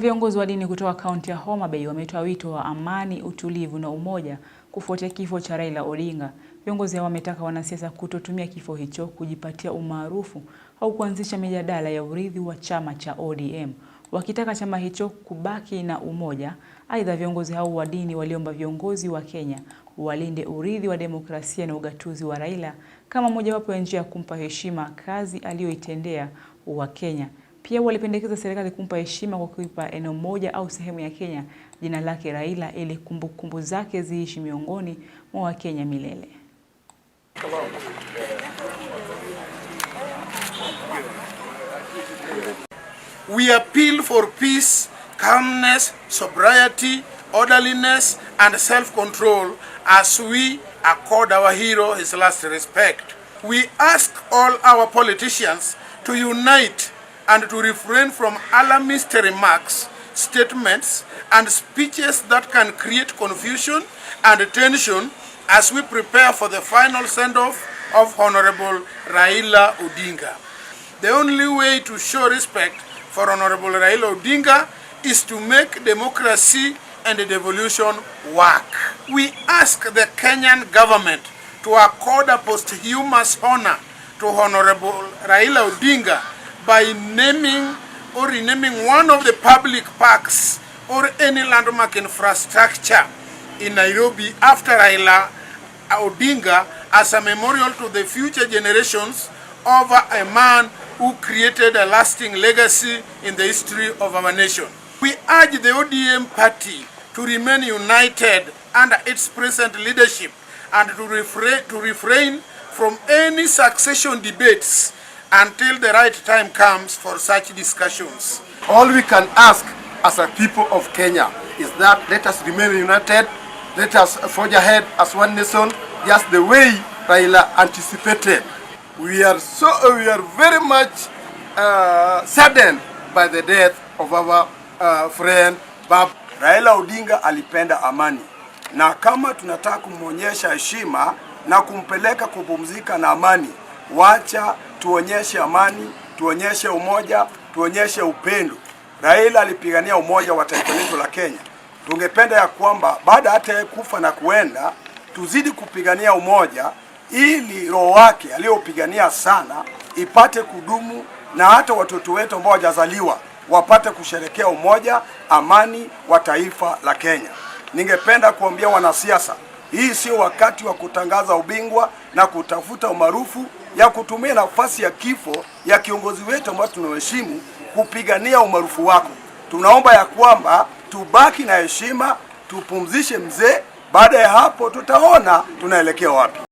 Viongozi wa dini kutoka kaunti ya Homa Bay wametoa wito wa amani, utulivu na umoja kufuatia kifo cha Raila Odinga. Viongozi hao wametaka wanasiasa kutotumia kifo hicho kujipatia umaarufu au kuanzisha mijadala ya urithi wa chama cha ODM, wakitaka chama hicho kubaki na umoja. Aidha, viongozi hao wa dini waliomba viongozi wa Kenya walinde urithi wa demokrasia na ugatuzi wa Raila kama mojawapo ya njia ya kumpa heshima kazi aliyoitendea wa kenya pia walipendekeza serikali kumpa heshima kwa kuipa eneo moja au sehemu ya Kenya jina lake Raila ili kumbukumbu kumbu zake ziishi miongoni mwa Wakenya milele. We appeal for peace, calmness, sobriety, orderliness and self-control as we accord our hero his last respect. We ask all our politicians to unite and to refrain from alarmist remarks, statements, and speeches that can create confusion and tension as we prepare for the final send-off of Honorable Raila Odinga. The only way to show respect for Honorable Raila Odinga is to make democracy and devolution work. We ask the Kenyan government to accord a posthumous honor to Honorable Raila Odinga by naming or renaming one of the public parks or any landmark infrastructure in Nairobi after Raila Odinga as a memorial to the future generations of a man who created a lasting legacy in the history of our nation. We urge the ODM party to remain united under its present leadership and to refrain, to refrain from any succession debates until the right time comes for such discussions. All we can ask as a people of Kenya is that let us remain united, let us forge ahead as one nation, just the way Raila anticipated. We are so we are very much uh, saddened by the death of our uh, friend Bab. Raila Odinga alipenda amani, na kama tunataka kumwonyesha heshima na kumpeleka kupumzika na amani, wacha tuonyeshe amani, tuonyeshe umoja, tuonyeshe upendo. Raila alipigania umoja wa taifa letu la Kenya. Tungependa ya kwamba baada hata yeye kufa na kuenda, tuzidi kupigania umoja ili roho wake aliyopigania sana ipate kudumu na hata watoto wetu ambao wajazaliwa wapate kusherekea umoja, amani wa taifa la Kenya. Ningependa kuambia wanasiasa, hii sio wakati wa kutangaza ubingwa na kutafuta umaarufu ya kutumia nafasi ya kifo ya kiongozi wetu ambao tunaheshimu kupigania umaarufu wako. Tunaomba ya kwamba tubaki na heshima, tupumzishe mzee. Baada ya hapo, tutaona tunaelekea wapi.